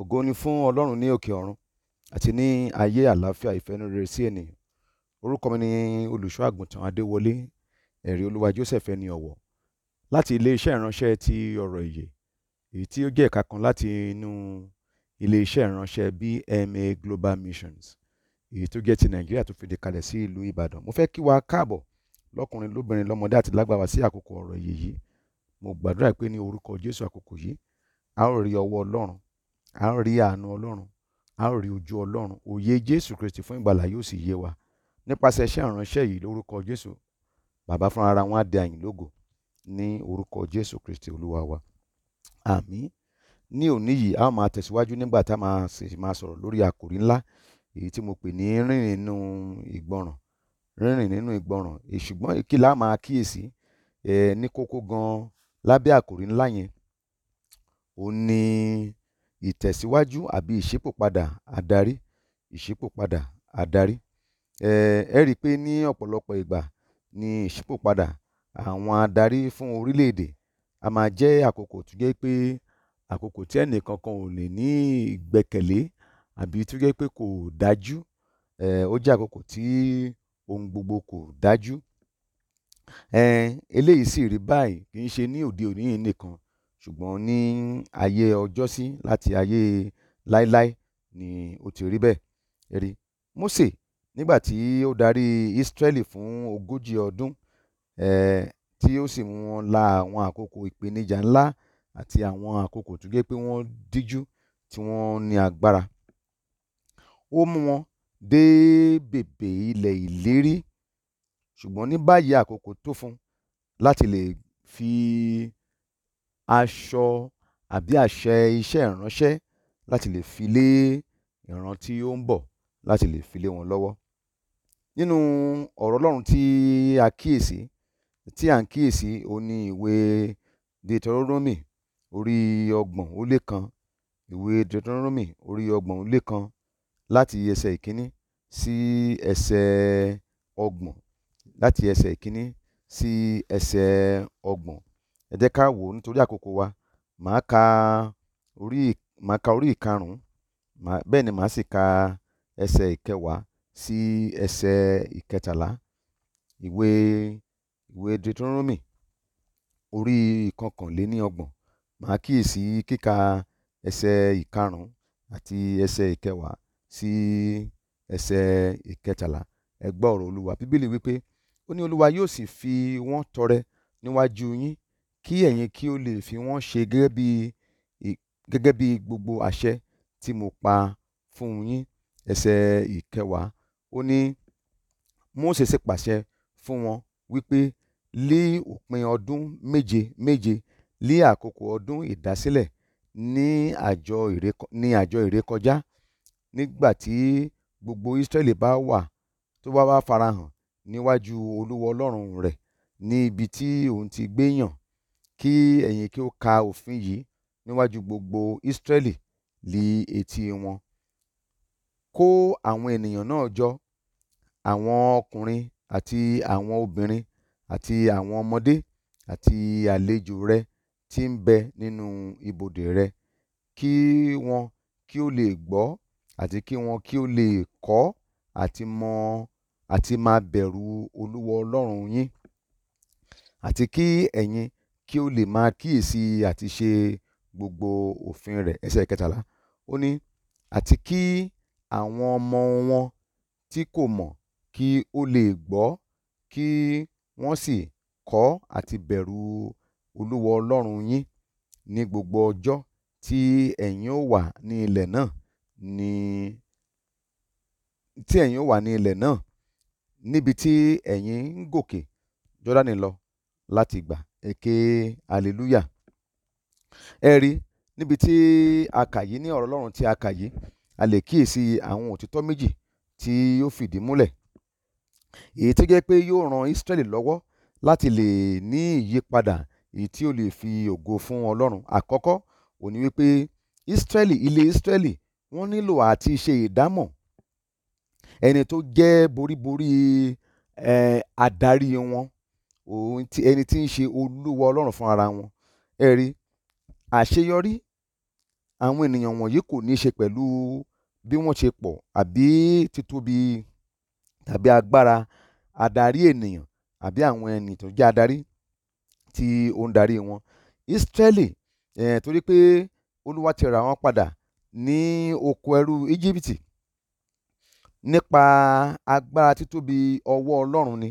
ògo ni fún ọlọ́run ní òkè ọ̀run àti ní ayé àlàáfíà ìfẹ́nurere sí ènìyàn orúkọ mi ni olùṣọ́ àgùntàn adéwọlé ẹ̀rí olúwa joseph ẹni ọ̀wọ̀ láti iléeṣẹ́ ìránṣẹ́ ti ọ̀rọ̀ ìyè èyí tí ó jẹ́ ẹ̀ka kan láti inú iléeṣẹ́ ìránṣẹ́ bma global missions èyí tó jẹ́ ti nàìjíríà tó fìdí kalẹ̀ sí ìlú ìbàdàn mo fẹ́ kí wa káàbọ̀ lọ́kùnrin lóbìnrin lọ́mọdé àti lágbàwá sí àkókò ọ̀rọ̀ ìyè yìí mo gbàdúrà pé ní orúkọ jésù àkókò yìí a ó rí ọwọ́ ọlọ́run a ó rí àánú ọlọ́run a ó rí ojú ọlọ́run òye jésù kristi fún ìgbàlà yóò sì yé wa nípasẹ̀ iṣẹ́ ìránṣẹ́ yìí lórúkọ jésù bàbá fúnra ara wọn á dé àyìn lógo ní orúkọ jésù kristi olúwa wa àmín ní òní yìí a ó máa tẹ̀síwájú nígbà tá a máa sì máa sọ̀rọ̀ lórí àkòrí ńlá èyí tí mo pè ní rírìn nínú ìgbọràn rírìn nínú ìgbọràn ṣùgbọ́n kí la máa kíyèsí ní kókó gan-an lábẹ́ àkòrí ńlá yẹn ó ní ìtẹ̀síwájú àbí ìṣípòpadà adarí ìṣípòpadà adarí um ẹ rí i pé ní ọ̀pọ̀lọpọ̀ ìgbà ni ìṣípòpadà àwọn adarí fún orílẹ̀-èdè á máa jẹ́ àkókò tó jẹ́ pé àkókò tí ẹnìkankan ò lè ní ìgbẹ́kẹ̀lé àbí tó jẹ́ pé kò dájú um ó jẹ́ àkókò tí ohun gbogbo kò dájú eh, eléyìí sì rí báyìí kì í ṣe ní òde òní yìí nìkan ṣùgbọ́n ní ayé ọjọ́sí láti ayé láéláé ni ó ti rí bẹ́ẹ̀ rí mósè nígbà tí ó darí ísírẹ́lì fún ogójì ọdún um tí ó sì mú wọn la àwọn àkókò ìpèníjà ńlá àti àwọn àkókò tó jẹ́ pé wọ́n díjú tí wọ́n ní agbára ó mú wọn dé bèbè ilẹ̀ ìlérí ṣùgbọ́n ní báyìí àkókò tó fún láti lè fi aṣọ àbí àṣẹ iṣẹ́ ìránṣẹ́ láti lè fi lé ìran tí ó ń bọ̀ láti lè fi lé wọn lọ́wọ́. Nínú ọ̀rọ̀ Ọlọ́run tí a kíyèsí tí à ń kíyèsí òun ni ìwé Deuteronomy orí ọgbọ̀n ó lé kan ìwé Deuteronomy orí ọgbọ̀n ó lé kan láti ẹsẹ̀ ìkíní sí ẹsẹ̀ ọgbọ̀n láti ẹsẹ̀ ìkíní sí ẹsẹ̀ ọgbọ̀n ẹ jẹ́ ká wò ó nítorí àkókò wa màá ka orí màá ka orí ìkarùn-ún bẹ́ẹ̀ ni màá sì ka ẹsẹ̀ ìkẹwàá sí ẹsẹ̀ ìkẹtàlá ìwé ìwé Deuteronomy orí ìkọkànléníọgbọ̀n màá kíyèsí kíka ẹsẹ̀ ìkarùn-ún àti ẹsẹ̀ ìkẹwàá sí ẹsẹ̀ ìkẹtàlá ẹ gbọ́ ọ̀rọ̀ Olúwa Bíbélì wípé ó ní Olúwa yóò sì fi wọ́n tọrẹ níwájú yín kí ẹ̀yin kí ó lè fi wọ́n ṣe gẹ́gẹ́ bí gẹ́gẹ́ bí gbogbo àṣẹ tí mo pa fún yín ẹsẹ̀ ìkẹwàá ó ní Mósè sì pàṣẹ fún wọn wípé lí òpin ọdún méje méje lí àkókò ọdún ìdásílẹ̀ ní àjọ ní àjọ ìrékọjá nígbà tí gbogbo Ísírẹ́lì bá wà tó bá wá farahàn níwájú Olúwa Ọlọ́run rẹ̀ ní ibi tí òun ti gbé yàn kí ẹ̀yin kí ó ka òfin yìí níwájú gbogbo israẹli li etí wọn kó àwọn ènìyàn náà jọ àwọn ọkùnrin àti àwọn obìnrin àti àwọn ọmọdé àti àlejò rẹ tí ń bẹ nínú ibodè rẹ kí wọn kí ó lè gbọ́ àti kí wọn kí ó lè kọ́ àti mọ̀ àti máa bẹ̀rù olúwa ọlọ́run yín àti kí ẹ̀yin kí ó lè máa kíyèsí àti ṣe gbogbo òfin rẹ̀. ẹsẹ̀ kẹtàlá ó ní àti kí àwọn ọmọ wọn tí kò mọ̀ kí ó lè gbọ́ kí wọ́n sì kọ́ àti bẹ̀rù olúwa ọlọ́run yín ní gbogbo ọjọ́ tí ẹ̀yin ó wà ní ilẹ̀ náà ní tí ẹ̀yin ó wà ní ilẹ̀ náà níbi tí ẹ̀yin ń gòkè jọ́dánì lọ láti gbà ẹ ké hallelujah ẹ rí níbi tí a kà yìí ní ọ̀rọ̀ ọlọ́run tí a kà yìí a lè kíyèsí àwọn òtítọ́ méjì tí yóò fìdí múlẹ̀ èyí tó jẹ́ pé yóò ran Ísírẹ́lì lọ́wọ́ láti lè ní ìyípadà èyí tí ó lè fi ògo fún ọlọ́run àkọ́kọ́ ó ní wípé Ísírẹ́lì ilé Ísírẹ́lì wọ́n nílò àti ṣe ìdámọ̀ ẹni tó jẹ́ boríborí adarí wọn òun tí ẹni tí ń ṣe olúwa ọlọ́run fún ara wọn ẹ rí àṣeyọrí àwọn ènìyàn wọ̀nyí kò ní í ṣe pẹ̀lú bí wọ́n ṣe pọ̀ àbí títóbi tàbí agbára adarí ènìyàn àbí àwọn ẹni tó jẹ́ adarí tí ó ń darí wọn Ísírẹ́lì eh, torí pé olúwa ti rà wọ́n padà ní oko ẹrú Íjíbítì nípa agbára títóbi ọwọ́ ọlọ́run ni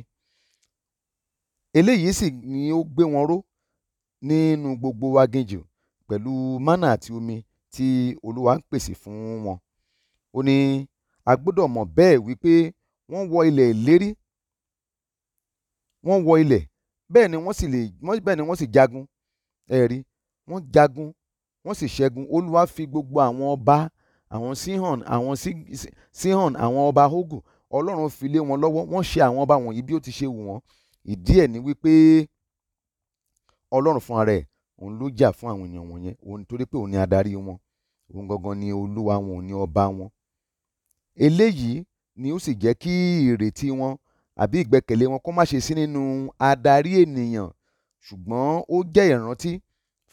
eléyìí sì ni ó gbé wọn ró nínú gbogbo aginjù pẹ̀lú manna àti omi tí olúwa ń pèsè fún wọn ó ní a gbọ́dọ̀ mọ̀ bẹ́ẹ̀ wípé wọ́n wọ ilẹ̀ ìlérí wọ́n wọ ilẹ̀ bẹ́ẹ̀ ni wọ́n sì lè bẹ́ẹ̀ ni wọ́n sì jagun ẹ̀rí wọ́n jagun wọ́n sì ṣẹ́gun olúwa fi gbogbo àwọn ọba àwọn sihon àwọn sihon àwọn ọba ogun ọlọ́run fi lé wọn lọ́wọ́ wọ́n ṣe àwọn ọba wọ̀nyí bí ó ti ṣe wù wọ́n ìdí ẹ̀ ni wípé ọlọ́run fúnra rẹ̀ òun ló jà fún àwọn èèyàn wọ̀nyẹn òun torí pé òun ni adarí wọn òun gangan ni olúwa wọn òun ni ọba wọn eléyìí ni ó sì jẹ́ kí ìrètí wọn àbí ìgbẹ́kẹ̀lé wọn kó má ṣe sí nínú adarí ènìyàn ṣùgbọ́n ó jẹ́ ìrántí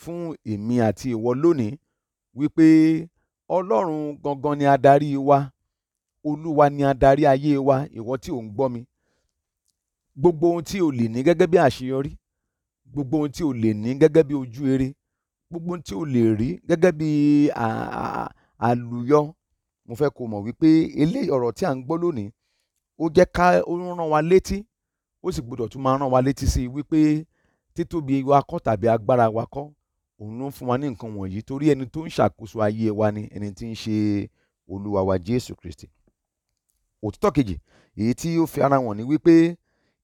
fún èmi àti ìwọ lónìí wípé ọlọ́run gangan ni adarí wa olúwa ni adarí ayé wa ìwọ tí ò ń gbọ́ mi gbogbo ohun tí o lè ní gẹ́gẹ́ bí àṣeyọrí gbogbo ohun tí o lè ní gẹ́gẹ́ bí ojú rere gbogbo ohun tí o lè rí gẹ́gẹ́ bí àlùyọ mo fẹ́ kó mọ̀ wípé eléyìí ọ̀rọ̀ tí à ń gbọ́ lónìí ó jẹ́ ká ó rán wa létí ó sì gbọdọ̀ tún máa rán wa létí sí i wípé títóbi wa kọ́ tàbí agbára wa kọ́ òun ló fún wa ní nǹkan wọ̀nyí torí ẹni tó ń ṣàkóso ayé wa ni ẹni tí ń ṣe olúwa wa Jésù Kristi òtítọ́ kejì èyí tí ó fi ara wọn ni wípé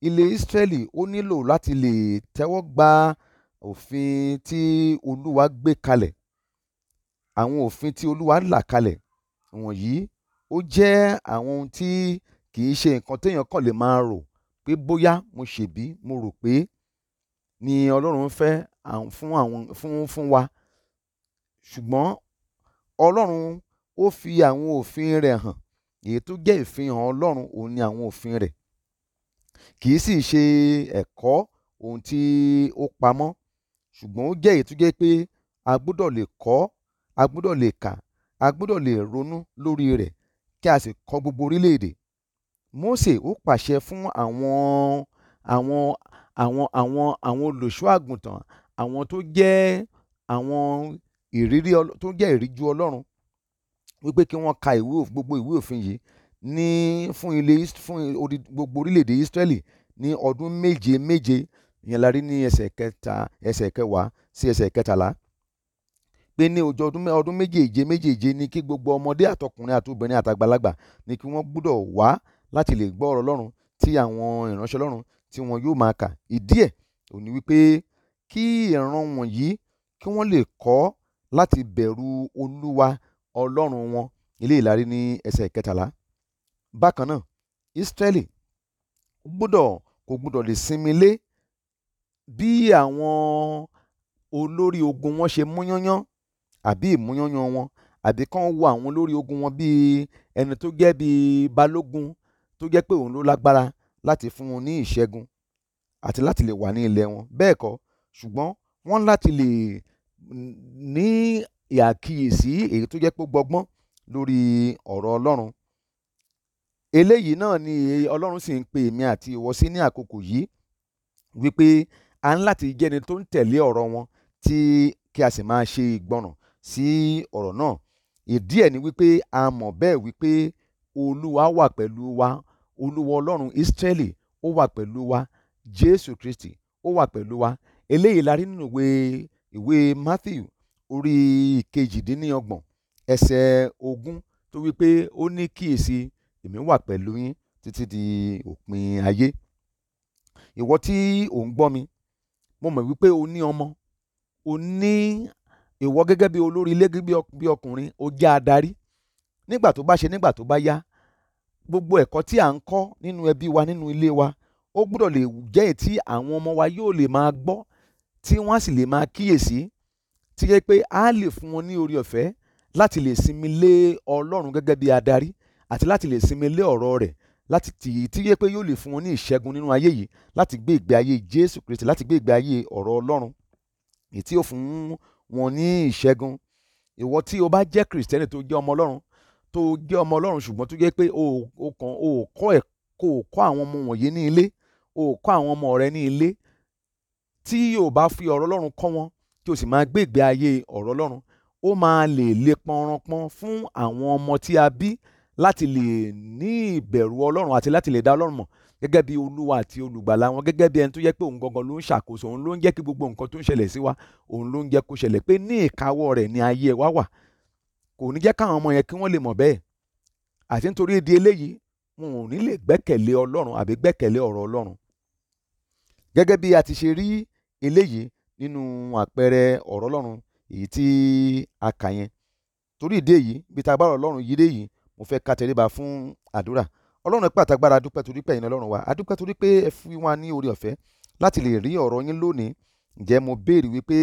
ilẹ̀ ísírẹ́lì ó nílò láti lè tẹ́wọ́ gba òfin tí olúwa gbé kalẹ̀ àwọn òfin tí olúwa là kalẹ̀ wọ̀nyí ó jẹ́ àwọn ohun tí kì í ṣe nǹkan téèyàn kàn lè máa rò pé bóyá mo ṣèbí mo rò pé ni ọlọ́run fẹ́ fún àwọn fún fún wa ṣùgbọ́n ọlọ́run ó fi àwọn òfin rẹ̀ hàn èyí tó jẹ́ ìfihàn ọlọ́run òun ni àwọn òfin rẹ̀ kì í sì ṣe ẹ̀kọ́ ohun tí ó pamọ́ ṣùgbọ́n ó jẹ́ èyí tó jẹ́ pé a gbọ́dọ̀ lè kọ́ a gbọ́dọ̀ lè kà a gbọ́dọ̀ lè ronú lórí rẹ̀ kí a sì kọ́ gbogbo orílẹ̀-èdè Mósè ó pàṣẹ fún àwọn àwọn àwọn àwọn àwọn olùṣọ́ àgùntàn àwọn tó jẹ́ àwọn ìrírí tó jẹ́ ìríjú Ọlọ́run wípé kí wọ́n ka ìwé gbogbo ìwé òfin yìí ní fún ilé fún gbogbo orílẹ̀-èdè Ísírẹ́lì ní ọdún méje méje ìyẹn la rí ní ẹsẹ̀ kẹta ẹsẹ̀ kẹwàá sí ẹsẹ̀ kẹtàlá pé ní ọjọ́ ọdún méjèèje méjèèje ni kí gbogbo ọmọdé àtọkùnrin àtobìnrin àtàgbàlagbà ni kí wọ́n gbúdọ̀ wá láti lè gbọ́ ọ̀rọ̀ Ọlọ́run tí àwọn ìránṣẹ́ Ọlọ́run tí wọn yóò máa kà ìdí ẹ̀ ò ní wípé kí ìran wọ̀nyí kí wọ́n lè kọ́ láti bẹ̀rù Olúwa Ọlọ́run wọn ilé ìlarí ní ẹsẹ̀ kẹtàlá bákan náà ísírẹ́lì gbọ́dọ̀ kò gbọ́dọ̀ lè sinmi lé bí àwọn olórí ogun wọn ṣe múyányán àbí ìmúyányán wọn àbí kán wo àwọn olórí ogun wọn bíi ẹni tó jẹ́ bíi balógun tó jẹ́ pé òun ló lágbára láti fún wọn ní ìṣẹ́gun àti láti lè wà ní ilẹ̀ wọn bẹ́ẹ̀ kọ́ ṣùgbọ́n wọ́n láti lè ní àkíyèsí èyí tó jẹ́ pé gbọgbọ́n lórí ọ̀rọ̀ Ọlọ́run eléyìí náà ni ọlọ́run sì ń pe èmi àti ìwọ sí ní àkókò yìí wípé a ń láti jẹ́ni tó ń tẹ̀lé ọ̀rọ̀ wọn tí kí a sì máa ṣe ìgbọràn sí ọ̀rọ̀ náà ìdí ẹ̀ ni wípé a mọ̀ bẹ́ẹ̀ wípé olúwa wà pẹ̀lú wa olúwa ọlọ́run Ísírẹ́lì ó wà pẹ̀lú wa Jésù Kristi ó wà pẹ̀lú wa eléyìí la nínú ìwé ìwé Matthew orí kejìdínlọ́gbọ̀n ẹsẹ̀ ogún tó wípé ó ní kíyèsí èmi wà pẹ̀lú yín títí di òpin ayé ìwọ tí ò ń gbọ́ mi mo mọ̀ wípé o ní ọmọ o ní ìwọ gẹ́gẹ́ bí olórí ilé bí ọkùnrin o jẹ́ adarí nígbà tó bá ṣe nígbà tó bá yá gbogbo ẹ̀kọ́ tí à ń kọ́ nínú ẹbí wa nínú ilé wa ó gbọ́dọ̀ lè jẹ́ èyí tí àwọn ọmọ wa yóò lè máa gbọ́ tí wọ́n á sì lè máa kíyèsí tí yẹ pé a lè fún wọn ní orí ọ̀fẹ́ láti lè sinmi lé Ọlọ́run gẹ́gẹ́ bí adarí àti láti lè sinmi lé ọ̀rọ̀ rẹ̀ láti tí yé pé yóò lè fún wọn ní ìṣẹ́gun nínú ayé yìí láti gbé ìgbé ayé Jésù Kristi láti gbé ìgbé ayé ọ̀rọ̀ Ọlọ́run èyí tí yóò fún wọn ní ìṣẹ́gun ìwọ tí o bá jẹ́ Kristẹni tó jẹ́ ọmọ Ọlọ́run tó jẹ́ ọmọ Ọlọ́run ṣùgbọ́n tó jẹ́ pé o kàn o kọ́ ẹ̀ kó o kọ́ àwọn ọmọ wọ̀nyí ní ilé o kọ́ àwọn ọmọ rẹ ní ilé tí o bá fi ọ̀rọ̀ Ọlọ́run kọ́ wọn tí o sì máa gbé ìgbé ayé ọ̀rọ̀ Ọlọ́run ó máa lè le pọnranpọn fún àwọn ọmọ tí a bí láti lè ní ìbẹ̀rù ọlọ́run àti láti lè dá ọlọ́run mọ̀ gẹ́gẹ́ bí olúwa àti olùgbàlà wọn gẹ́gẹ́ bí ẹni tó yẹ pé òun gangan ló ń ṣàkóso òun ló ń jẹ́ kí gbogbo nǹkan tó ń ṣẹlẹ̀ sí wa òun ló ń jẹ́ kó ṣẹlẹ̀ pé ní ìkáwọ́ rẹ̀ ni ayé wa wà kò ní jẹ́ káwọn ọmọ yẹn kí wọ́n lè mọ̀ bẹ́ẹ̀ àti nítorí ìdí eléyìí wọn ò ní lè gbẹ́kẹ̀lé ọlọ́run àbí gbẹ́kẹ̀lé ọ̀rọ̀ ọlọ́run gẹ́gẹ́ bí a ti ṣe rí eléyìí nínú àpẹẹrẹ ọ̀rọ̀ ọlọ́run èyí tí a kà yẹn torí ìdí èyí bí ta bá ọ̀rọ̀ ọlọ́run yìí dé yìí mo fẹ́ ká tẹríba fún àdúrà ọlọ́run pé àtagbára adúpẹ́ torí pé ẹ̀yin ọlọ́run wa adúpẹ́ torí pé ẹ fún wa ní oore ọ̀fẹ́ láti lè rí ọ̀rọ̀ yín lónìí ǹjẹ́ mo béèrè wípé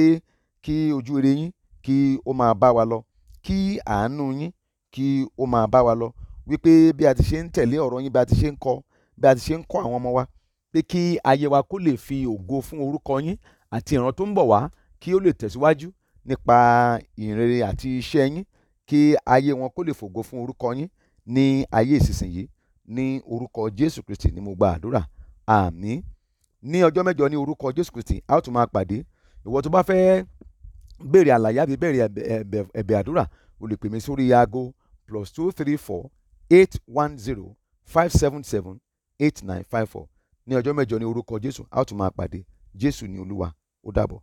kí ojú rere yín kí ó máa bá wa lọ kí àánú yín kí ó máa bá wa lọ wípé bí a ti ṣe ń tẹ̀lé ọ̀rọ̀ yín bí a ti ṣe ń kọ́ bí a ti ṣe ń kọ́ àwọn ọmọ wa pé kí ayé wa kó lè fi ògo fún orúkọ yín àti ìran tó ń bọ̀ wá kí ó lè tẹ̀síwájú nípa ìrere àti iṣẹ́ yín kí ayé wọn kó lè fògo fún orúkọ yín ní ayé ìsinsìnyí ní orúkọ jésù kristi ni mo gba àdúrà àmín ní ọjọ́ mẹ́jọ ní orúkọ jésù kristi a ó tún máa pàdé ìwọ tó bá fẹ́ béèrè àlàyé àbí béèrè ẹ̀bẹ̀ àdúrà o lè pè mí sórí aago plus two three four eight one zero five seven seven eight nine five four ní ọjọ́ mẹ́jọ ní orúkọ jésù a ó tún máa pàdé jésù ni olúwa ó dàbọ̀.